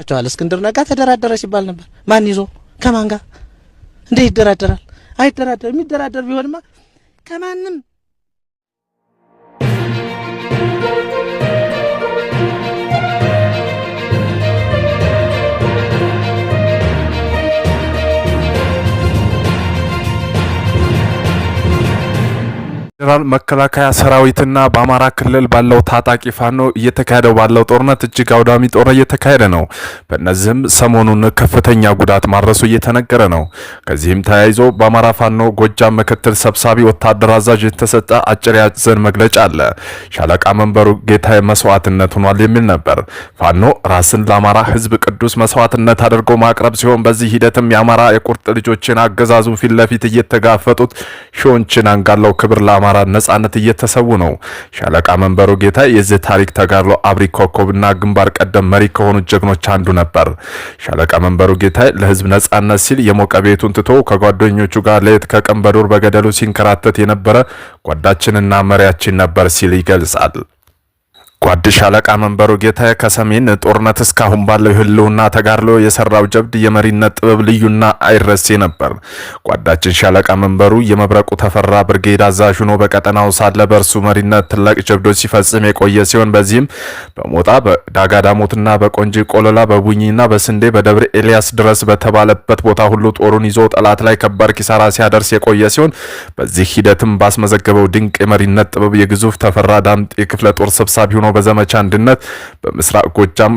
አቸዋል እስክንድር ነጋ ተደራደረ ሲባል ነበር። ማን ይዞ ከማን ጋር እንዴ ይደራደራል? አይደራደር። የሚደራደር ቢሆንማ ከማንም ፌዴራል መከላከያ ሰራዊትና በአማራ ክልል ባለው ታጣቂ ፋኖ እየተካሄደው ባለው ጦርነት እጅግ አውዳሚ ጦር እየተካሄደ ነው። በእነዚህም ሰሞኑን ከፍተኛ ጉዳት ማድረሱ እየተነገረ ነው። ከዚህም ተያይዞ በአማራ ፋኖ ጎጃም ምክትል ሰብሳቢ ወታደር አዛዥ የተሰጠ አጭር ያዘን መግለጫ አለ። ሻለቃ መንበሩ ጌታ መስዋዕትነት ሆኗል የሚል ነበር። ፋኖ ራስን ለአማራ ህዝብ ቅዱስ መስዋዕትነት አድርጎ ማቅረብ ሲሆን በዚህ ሂደትም የአማራ የቁርጥ ልጆችን አገዛዙን ፊት ለፊት እየተጋፈጡት ሺዎችን አንጋለው ክብር ለአማራ አማራ ነጻነት እየተሰዉ ነው። ሻለቃ መንበሩ ጌታ የዚህ ታሪክ ተጋድሎ አብሪ ኮከብና ግንባር ቀደም መሪ ከሆኑ ጀግኖች አንዱ ነበር። ሻለቃ መንበሩ ጌታ ለህዝብ ነጻነት ሲል የሞቀ ቤቱን ትቶ ከጓደኞቹ ጋር ሌት ከቀን በዱር በገደሉ ሲንከራተት የነበረ ጓዳችንና መሪያችን ነበር ሲል ይገልጻል። ጓድ ሻለቃ መንበሩ ጌታ ከሰሜን ጦርነት እስካሁን ባለው የህልውና ተጋድሎ የሰራው ጀብድ የመሪነት ጥበብ ልዩና አይረሴ ነበር። ጓዳችን ሻለቃ መንበሩ የመብረቁ ተፈራ ብርጌድ አዛዥ ሆኖ በቀጠናው ሳለ በእርሱ መሪነት ትላቅ ጀብዶች ሲፈጽም የቆየ ሲሆን በዚህም በሞጣ በዳጋዳሞትና በቆንጂ ቆለላ በቡኝና በስንዴ በደብረ ኤልያስ ድረስ በተባለበት ቦታ ሁሉ ጦሩን ይዞ ጠላት ላይ ከባድ ኪሳራ ሲያደርስ የቆየ ሲሆን በዚህ ሂደትም ባስመዘገበው ድንቅ የመሪነት ጥበብ የግዙፍ ተፈራ ዳምጤ ክፍለ ጦር ሰብሳቢ ሆኖ በዘመቻ አንድነት በምስራቅ ጎጃም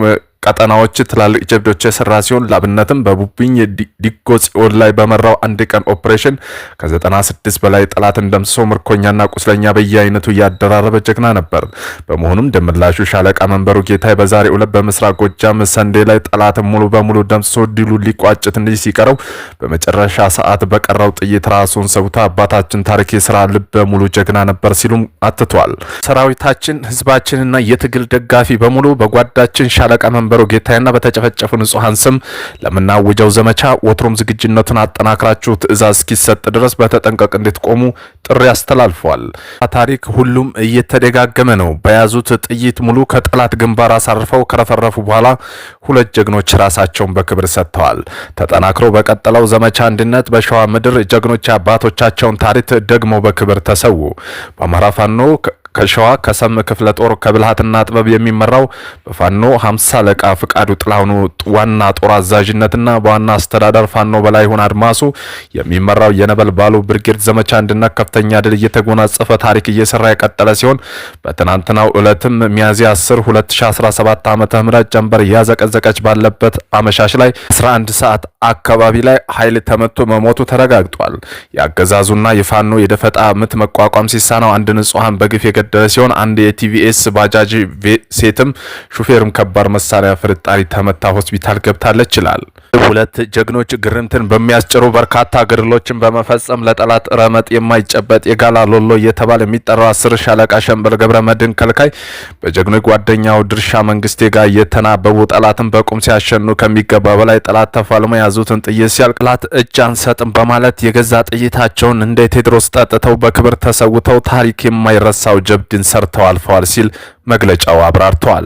ቀጠናዎች ትላልቅ ጀብዶች የሰራ ሲሆን ላብነትም በቡቢኝ ዲጎ ጽዮን ላይ በመራው አንድ ቀን ኦፕሬሽን ከ96 በላይ ጠላትን ደምስሶ ምርኮኛና ቁስለኛ በየአይነቱ እያደራረበ ጀግና ነበር። በመሆኑም ድምላሹ ሻለቃ መንበሩ ጌታ በዛሬ ዕለት በምስራቅ ጎጃም ሰንዴ ላይ ጠላትን ሙሉ በሙሉ ደምስሶ ድሉ ሊቋጭ ትንሽ ሲቀረው በመጨረሻ ሰዓት በቀረው ጥይት ራሱን ሰውቶ አባታችን ታሪክ የስራ ልበ ሙሉ ጀግና ነበር ሲሉም አትቷል። ሰራዊታችን፣ ህዝባችንና የትግል ደጋፊ በሙሉ በጓዳችን ሻለቃ በወንበሩ ጌታዬና በተጨፈጨፉ ንጹሐን ስም ለምናውጀው ዘመቻ ወትሮም ዝግጅነቱን አጠናክራችሁ ትእዛዝ እስኪሰጥ ድረስ በተጠንቀቅ እንድትቆሙ ጥሪ አስተላልፏል። ታሪክ ሁሉም እየተደጋገመ ነው። በያዙት ጥይት ሙሉ ከጠላት ግንባር አሳርፈው ከረፈረፉ በኋላ ሁለት ጀግኖች ራሳቸውን በክብር ሰጥተዋል። ተጠናክሮ በቀጠለው ዘመቻ አንድነት በሸዋ ምድር ጀግኖች አባቶቻቸውን ታሪክ ደግሞ በክብር ተሰዉ። በአማራ ፋኖ ከሸዋ ከሰም ክፍለ ጦር ከብልሃትና ጥበብ የሚመራው በፋኖ 50 አለቃ ፍቃዱ ጥላሁኑ ዋና ጦር አዛዥነትና በዋና አስተዳደር ፋኖ በላይሁን አድማሱ የሚመራው የነበልባሉ ብርጌድ ዘመቻ አንድነት ከፍተኛ ድል እየተጎናጸፈ ታሪክ እየሰራ የቀጠለ ሲሆን በትናንትናው ዕለትም ሚያዝያ 10 2017 ዓመተ ምህረት ጀንበር እያዘቀዘቀች ባለበት አመሻሽ ላይ 11 ሰዓት አካባቢ ላይ ኃይል ተመቶ መሞቱ ተረጋግጧል። የአገዛዙና የፋኖ የደፈጣ ምት መቋቋም ሲሳናው አንድ ንጹሐን በግፍ የተገደለ ሲሆን አንድ የቲቪኤስ ባጃጅ ሴትም ሹፌርም ከባድ መሳሪያ ፍርጣሪ ተመታ ሆስፒታል ገብታለች ይላል። ሁለት ጀግኖች ግርምትን በሚያስጭሩ በርካታ ገድሎችን በመፈጸም ለጠላት ረመጥ የማይጨበጥ የጋላ ሎሎ እየተባለ የሚጠራው አስር ሻለቃ ሸምበል ገብረ መድን ከልካይ በጀግኖች ጓደኛው ድርሻ መንግስቴ ጋር እየተናበቡ ጠላትን በቁም ሲያሸኑ ከሚገባ በላይ ጠላት ተፋልሞ የያዙትን ጥይት ሲያልቅ ጠላት እጅ አንሰጥም በማለት የገዛ ጥይታቸውን እንደ ቴድሮስ ጠጥተው በክብር ተሰውተው ታሪክ የማይረሳው ጀብድን ሰርተው አልፈዋል ሲል መግለጫው አብራርተዋል።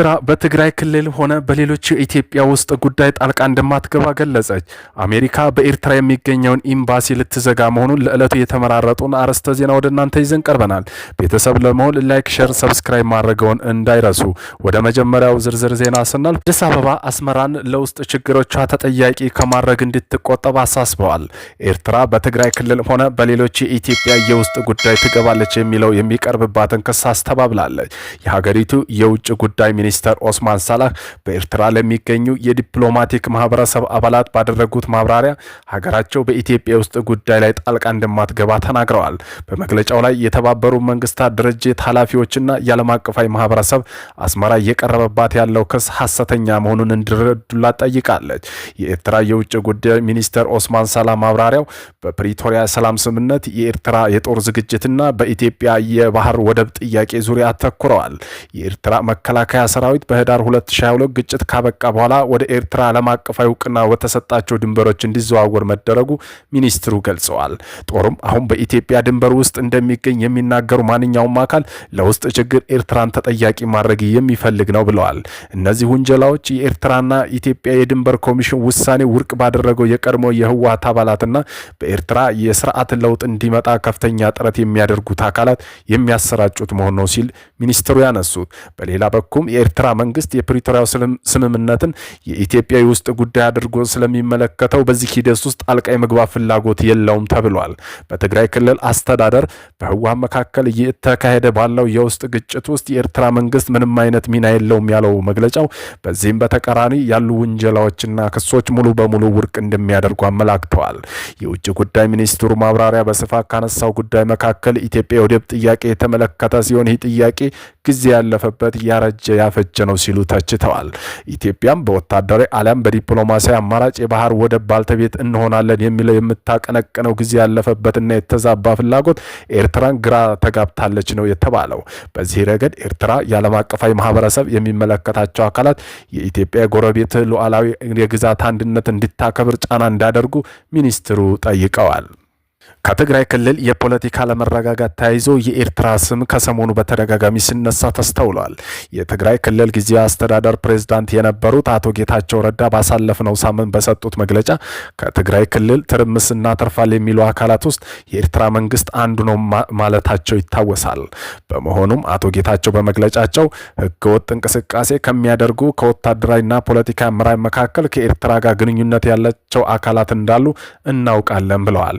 ኤርትራ በትግራይ ክልል ሆነ በሌሎች የኢትዮጵያ ውስጥ ጉዳይ ጣልቃ እንደማትገባ ገለጸች። አሜሪካ በኤርትራ የሚገኘውን ኤምባሲ ልትዘጋ መሆኑን ለዕለቱ የተመራረጡን አርዕስተ ዜና ወደ እናንተ ይዘን ቀርበናል። ቤተሰብ ለመሆን ላይክ፣ ሸር፣ ሰብስክራይብ ማድረገውን እንዳይረሱ። ወደ መጀመሪያው ዝርዝር ዜና ስናል አዲስ አበባ አስመራን ለውስጥ ችግሮቿ ተጠያቂ ከማድረግ እንድትቆጠብ አሳስበዋል። ኤርትራ በትግራይ ክልል ሆነ በሌሎች የኢትዮጵያ የውስጥ ጉዳይ ትገባለች የሚለው የሚቀርብባትን ክስ አስተባብላለች። የሀገሪቱ የውጭ ጉዳይ ሚኒ ሚኒስተር ኦስማን ሳላህ በኤርትራ ለሚገኙ የዲፕሎማቲክ ማህበረሰብ አባላት ባደረጉት ማብራሪያ ሀገራቸው በኢትዮጵያ ውስጥ ጉዳይ ላይ ጣልቃ እንደማትገባ ተናግረዋል። በመግለጫው ላይ የተባበሩ መንግስታት ድርጅት ኃላፊዎችና የዓለም አቀፋዊ ማህበረሰብ አስመራ እየቀረበባት ያለው ክስ ሀሰተኛ መሆኑን እንዲረዱላት ጠይቃለች። የኤርትራ የውጭ ጉዳይ ሚኒስተር ኦስማን ሳላ ማብራሪያው በፕሪቶሪያ ሰላም ስምምነት የኤርትራ የጦር ዝግጅትና በኢትዮጵያ የባህር ወደብ ጥያቄ ዙሪያ አተኩረዋል። የኤርትራ መከላከያ ሰራዊት በህዳር 2022 ግጭት ካበቃ በኋላ ወደ ኤርትራ ዓለም አቀፋዊ እውቅና በተሰጣቸው ድንበሮች እንዲዘዋወር መደረጉ ሚኒስትሩ ገልጸዋል። ጦሩም አሁን በኢትዮጵያ ድንበር ውስጥ እንደሚገኝ የሚናገሩ ማንኛውም አካል ለውስጥ ችግር ኤርትራን ተጠያቂ ማድረግ የሚፈልግ ነው ብለዋል። እነዚህ ውንጀላዎች የኤርትራና ኢትዮጵያ የድንበር ኮሚሽን ውሳኔ ውድቅ ባደረገው የቀድሞ የህወሀት አባላትና በኤርትራ የስርዓት ለውጥ እንዲመጣ ከፍተኛ ጥረት የሚያደርጉት አካላት የሚያሰራጩት መሆን ነው ሲል ሚኒስትሩ ያነሱት በሌላ በኩም የኤርትራ መንግስት የፕሪቶሪያው ስምምነትን የኢትዮጵያ የውስጥ ጉዳይ አድርጎ ስለሚመለከተው በዚህ ሂደት ውስጥ ጣልቃ የመግባት ፍላጎት የለውም ተብሏል። በትግራይ ክልል አስተዳደር በህወሓት መካከል እየተካሄደ ባለው የውስጥ ግጭት ውስጥ የኤርትራ መንግስት ምንም አይነት ሚና የለውም ያለው መግለጫው፣ በዚህም በተቃራኒ ያሉ ውንጀላዎችና ክሶች ሙሉ በሙሉ ውድቅ እንደሚያደርጉ አመላክተዋል። የውጭ ጉዳይ ሚኒስትሩ ማብራሪያ በስፋት ካነሳው ጉዳይ መካከል ኢትዮጵያ የወደብ ጥያቄ የተመለከተ ሲሆን ይህ ጥያቄ ጊዜ ያለፈበት ያረጀ ያፈ የተፈጀ ነው ሲሉ ተችተዋል። ኢትዮጵያም በወታደራዊ አሊያም በዲፕሎማሲያዊ አማራጭ የባህር ወደብ ባልተቤት እንሆናለን የሚለው የምታቀነቅነው ጊዜ ያለፈበትና የተዛባ ፍላጎት ኤርትራን ግራ ተጋብታለች ነው የተባለው። በዚህ ረገድ ኤርትራ የዓለም አቀፋዊ ማህበረሰብ የሚመለከታቸው አካላት የኢትዮጵያ ጎረቤት ሉዓላዊ የግዛት አንድነት እንዲታከብር ጫና እንዳደርጉ ሚኒስትሩ ጠይቀዋል። ከትግራይ ክልል የፖለቲካ አለመረጋጋት ተያይዞ የኤርትራ ስም ከሰሞኑ በተደጋጋሚ ሲነሳ ተስተውሏል። የትግራይ ክልል ጊዜያዊ አስተዳደር ፕሬዝዳንት የነበሩት አቶ ጌታቸው ረዳ ባሳለፍነው ሳምንት በሰጡት መግለጫ ከትግራይ ክልል ትርምስ እናተርፋል የሚሉ አካላት ውስጥ የኤርትራ መንግስት አንዱ ነው ማለታቸው ይታወሳል። በመሆኑም አቶ ጌታቸው በመግለጫቸው ህገወጥ እንቅስቃሴ ከሚያደርጉ ከወታደራዊና ፖለቲካ አመራር መካከል ከኤርትራ ጋር ግንኙነት ያላቸው አካላት እንዳሉ እናውቃለን ብለዋል።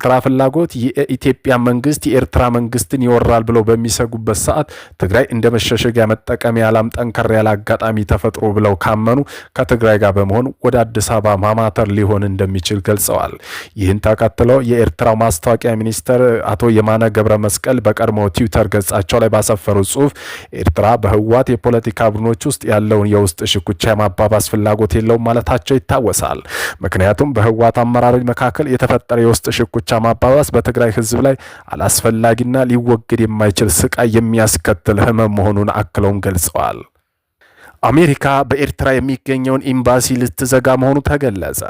የኤርትራ ፍላጎት የኢትዮጵያ መንግስት የኤርትራ መንግስትን ይወራል ብለው በሚሰጉበት ሰዓት ትግራይ እንደ መሸሸጊያ መጠቀሚያ ላም ጠንከር ያለ አጋጣሚ ተፈጥሮ ብለው ካመኑ ከትግራይ ጋር በመሆን ወደ አዲስ አበባ ማማተር ሊሆን እንደሚችል ገልጸዋል። ይህን ተከትለው የኤርትራ ማስታወቂያ ሚኒስትር አቶ የማነ ገብረ መስቀል በቀድሞ ትዊተር ገጻቸው ላይ ባሰፈሩት ጽሁፍ ኤርትራ በህዋት የፖለቲካ ቡድኖች ውስጥ ያለውን የውስጥ ሽኩቻ የማባባስ ፍላጎት የለውም ማለታቸው ይታወሳል። ምክንያቱም በህዋት አመራሮች መካከል የተፈጠረ የውስጥ ሽኩቻ ጥላቻ ማባባስ በትግራይ ህዝብ ላይ አላስፈላጊና ሊወገድ የማይችል ስቃይ የሚያስከትል ህመም መሆኑን አክለውም ገልጸዋል። አሜሪካ በኤርትራ የሚገኘውን ኤምባሲ ልትዘጋ መሆኑ ተገለጸ።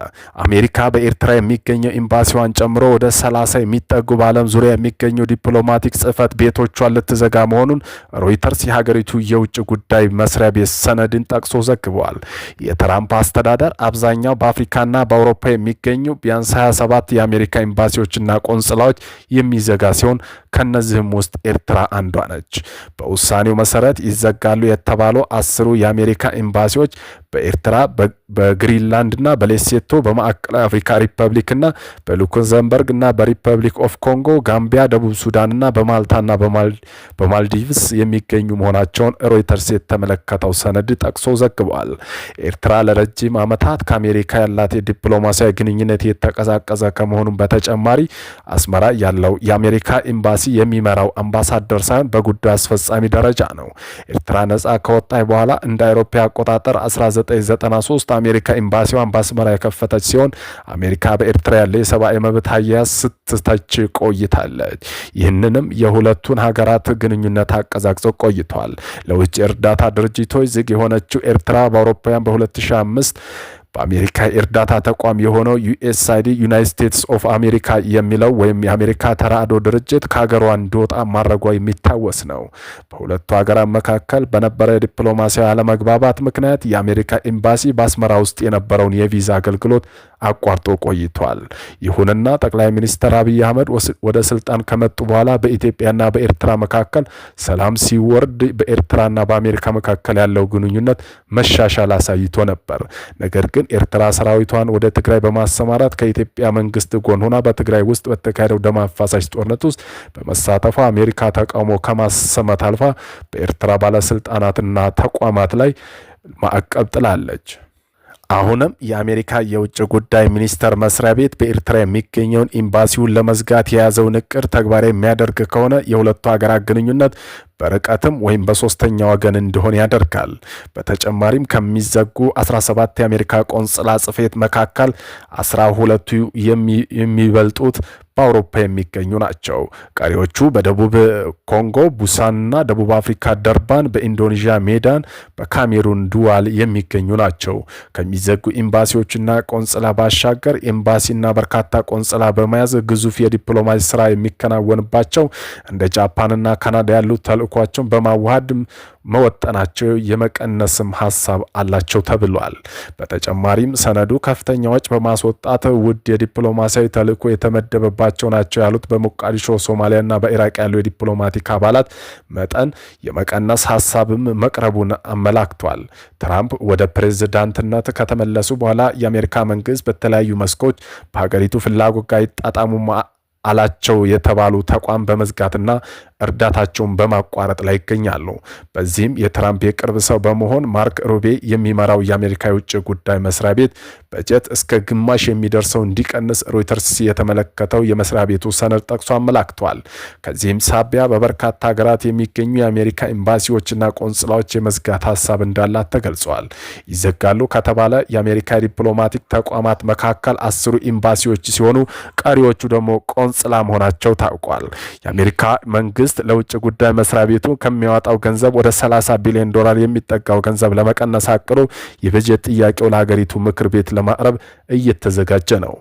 አሜሪካ በኤርትራ የሚገኘው ኤምባሲዋን ጨምሮ ወደ ሰላሳ የሚጠጉ በዓለም ዙሪያ የሚገኙ ዲፕሎማቲክ ጽህፈት ቤቶቿን ልትዘጋ መሆኑን ሮይተርስ የሀገሪቱ የውጭ ጉዳይ መስሪያ ቤት ሰነድን ጠቅሶ ዘግቧል። የትራምፕ አስተዳደር አብዛኛው በአፍሪካና በአውሮፓ የሚገኙ ቢያንስ 27 የአሜሪካ ኤምባሲዎችና ቆንጽላዎች የሚዘጋ ሲሆን ከነዚህም ውስጥ ኤርትራ አንዷ ነች። በውሳኔው መሰረት ይዘጋሉ የተባለው አስሩ የአሜሪካ ኤምባሲዎች በኤርትራ በግሪንላንድ እና በሌሴቶ በማዕከላዊ አፍሪካ ሪፐብሊክ እና በሉክዘምበርግ እና በሪፐብሊክ ኦፍ ኮንጎ፣ ጋምቢያ፣ ደቡብ ሱዳን እና በማልታና በማልዲቭስ የሚገኙ መሆናቸውን ሮይተርስ የተመለከተው ሰነድ ጠቅሶ ዘግቧል። ኤርትራ ለረጅም ዓመታት ከአሜሪካ ያላት የዲፕሎማሲያዊ ግንኙነት የተቀዛቀዘ ከመሆኑም በተጨማሪ አስመራ ያለው የአሜሪካ ኤምባሲ የሚመራው አምባሳደር ሳይሆን በጉዳዩ አስፈጻሚ ደረጃ ነው። ኤርትራ ነጻ ከወጣች በኋላ እንደ አውሮፓ አቆጣጠር 19 በ አሜሪካ ኤምባሲዋን በአስመራ የከፈተች ሲሆን አሜሪካ በኤርትራ ያለ የሰብአዊ መብት አያያዝ ስትተች ቆይታለች። ይህንንም የሁለቱን ሀገራት ግንኙነት አቀዛቅዞ ቆይቷል። ለውጭ እርዳታ ድርጅቶች ዝግ የሆነችው ኤርትራ በአውሮፓውያን በ2005 በአሜሪካ እርዳታ ተቋም የሆነው ዩኤስአይዲ ዩናይትድ ስቴትስ ኦፍ አሜሪካ የሚለው ወይም የአሜሪካ ተራድኦ ድርጅት ከሀገሯ እንዲወጣ ማድረጓ የሚታወስ ነው። በሁለቱ ሀገራት መካከል በነበረ ዲፕሎማሲያ አለመግባባት ምክንያት የአሜሪካ ኤምባሲ በአስመራ ውስጥ የነበረውን የቪዛ አገልግሎት አቋርጦ ቆይቷል። ይሁንና ጠቅላይ ሚኒስትር አብይ አህመድ ወደ ስልጣን ከመጡ በኋላ በኢትዮጵያና በኤርትራ መካከል ሰላም ሲወርድ በኤርትራና በአሜሪካ መካከል ያለው ግንኙነት መሻሻል አሳይቶ ነበር። ነገር ግን ኤርትራ ሰራዊቷን ወደ ትግራይ በማሰማራት ከኢትዮጵያ መንግስት ጎን ሆና በትግራይ ውስጥ በተካሄደው ደም አፋሳሽ ጦርነት ውስጥ በመሳተፏ አሜሪካ ተቃውሞ ከማሰማት አልፋ በኤርትራ ባለስልጣናትና ተቋማት ላይ ማዕቀብ ጥላለች። አሁንም የአሜሪካ የውጭ ጉዳይ ሚኒስቴር መስሪያ ቤት በኤርትራ የሚገኘውን ኤምባሲውን ለመዝጋት የያዘውን እቅድ ተግባራዊ የሚያደርግ ከሆነ የሁለቱ ሀገራት ግንኙነት በርቀትም ወይም በሶስተኛ ወገን እንዲሆን ያደርጋል። በተጨማሪም ከሚዘጉ 17 የአሜሪካ ቆንጽላ ጽፌት መካከል 12ቱ የሚበልጡት በአውሮፓ የሚገኙ ናቸው። ቀሪዎቹ በደቡብ ኮንጎ ቡሳንና ደቡብ አፍሪካ ደርባን፣ በኢንዶኔዥያ ሜዳን፣ በካሜሩን ዱዋል የሚገኙ ናቸው። ከሚዘጉ ኤምባሲዎችና ቆንጽላ ባሻገር ኤምባሲና በርካታ ቆንጽላ በመያዝ ግዙፍ የዲፕሎማሲ ስራ የሚከናወንባቸው እንደ ጃፓንና ካናዳ ያሉ ተልእኳቸውን በማዋሃድ መወጠናቸው የመቀነስም ሀሳብ አላቸው ተብሏል። በተጨማሪም ሰነዱ ከፍተኛ ወጪ በማስወጣት ውድ የዲፕሎማሲያዊ ተልእኮ የተመደበባቸው ያላቸው ናቸው ያሉት በሞቃዲሾ ሶማሊያና በኢራቅ ያሉ የዲፕሎማቲክ አባላት መጠን የመቀነስ ሀሳብም መቅረቡን አመላክቷል። ትራምፕ ወደ ፕሬዝዳንትነት ከተመለሱ በኋላ የአሜሪካ መንግስት በተለያዩ መስኮች በሀገሪቱ ፍላጎት ጋር ይጣጣሙ አላቸው የተባሉ ተቋም በመዝጋትና እርዳታቸውን በማቋረጥ ላይ ይገኛሉ። በዚህም የትራምፕ የቅርብ ሰው በመሆን ማርክ ሩቤ የሚመራው የአሜሪካ የውጭ ጉዳይ መስሪያ ቤት በጀት እስከ ግማሽ የሚደርሰው እንዲቀንስ ሮይተርስ የተመለከተው የመስሪያ ቤቱ ሰነድ ጠቅሶ አመላክቷል። ከዚህም ሳቢያ በበርካታ ሀገራት የሚገኙ የአሜሪካ ኤምባሲዎችና ቆንጽላዎች የመዝጋት ሀሳብ እንዳላት ተገልጸዋል። ይዘጋሉ ከተባለ የአሜሪካ ዲፕሎማቲክ ተቋማት መካከል አስሩ ኤምባሲዎች ሲሆኑ ቀሪዎቹ ደግሞ ቆንጽላ መሆናቸው ታውቋል። የአሜሪካ መንግስት መንግስት ለውጭ ጉዳይ መስሪያ ቤቱ ከሚያወጣው ገንዘብ ወደ 30 ቢሊዮን ዶላር የሚጠጋው ገንዘብ ለመቀነስ አቅዶ የበጀት ጥያቄው ለሀገሪቱ ምክር ቤት ለማቅረብ እየተዘጋጀ ነው።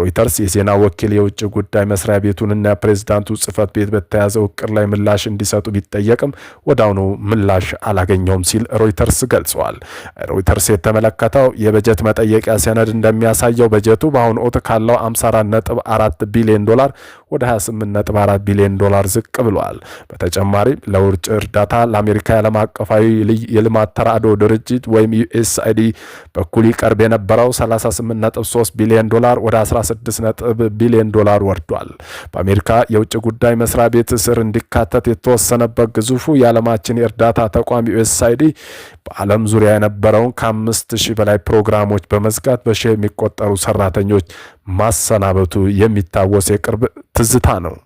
ሮይተርስ የዜና ወኪል የውጭ ጉዳይ መስሪያ ቤቱንና ፕሬዚዳንቱ ጽህፈት ቤት በተያዘው እቅድ ላይ ምላሽ እንዲሰጡ ቢጠየቅም ወደ አሁኑ ምላሽ አላገኘውም ሲል ሮይተርስ ገልጸዋል። ሮይተርስ የተመለከተው የበጀት መጠየቂያ ሰነድ እንደሚያሳየው በጀቱ በአሁኑ ወቅት ካለው 54.4 ቢሊዮን ዶላር ወደ 28.4 ቢሊዮን ዶላር ዝቅ ብሏል። ተናግረዋል። በተጨማሪም ለውጭ እርዳታ ለአሜሪካ የዓለም አቀፋዊ የልማት ተራድኦ ድርጅት ወይም ዩኤስአይዲ በኩል ይቀርብ የነበረው 38.3 ቢሊዮን ዶላር ወደ 16 ቢሊዮን ዶላር ወርዷል። በአሜሪካ የውጭ ጉዳይ መስሪያ ቤት ስር እንዲካተት የተወሰነበት ግዙፉ የዓለማችን የእርዳታ ተቋም ዩኤስአይዲ በዓለም ዙሪያ የነበረውን ከአምስት ሺህ በላይ ፕሮግራሞች በመዝጋት በሺህ የሚቆጠሩ ሰራተኞች ማሰናበቱ የሚታወስ የቅርብ ትዝታ ነው።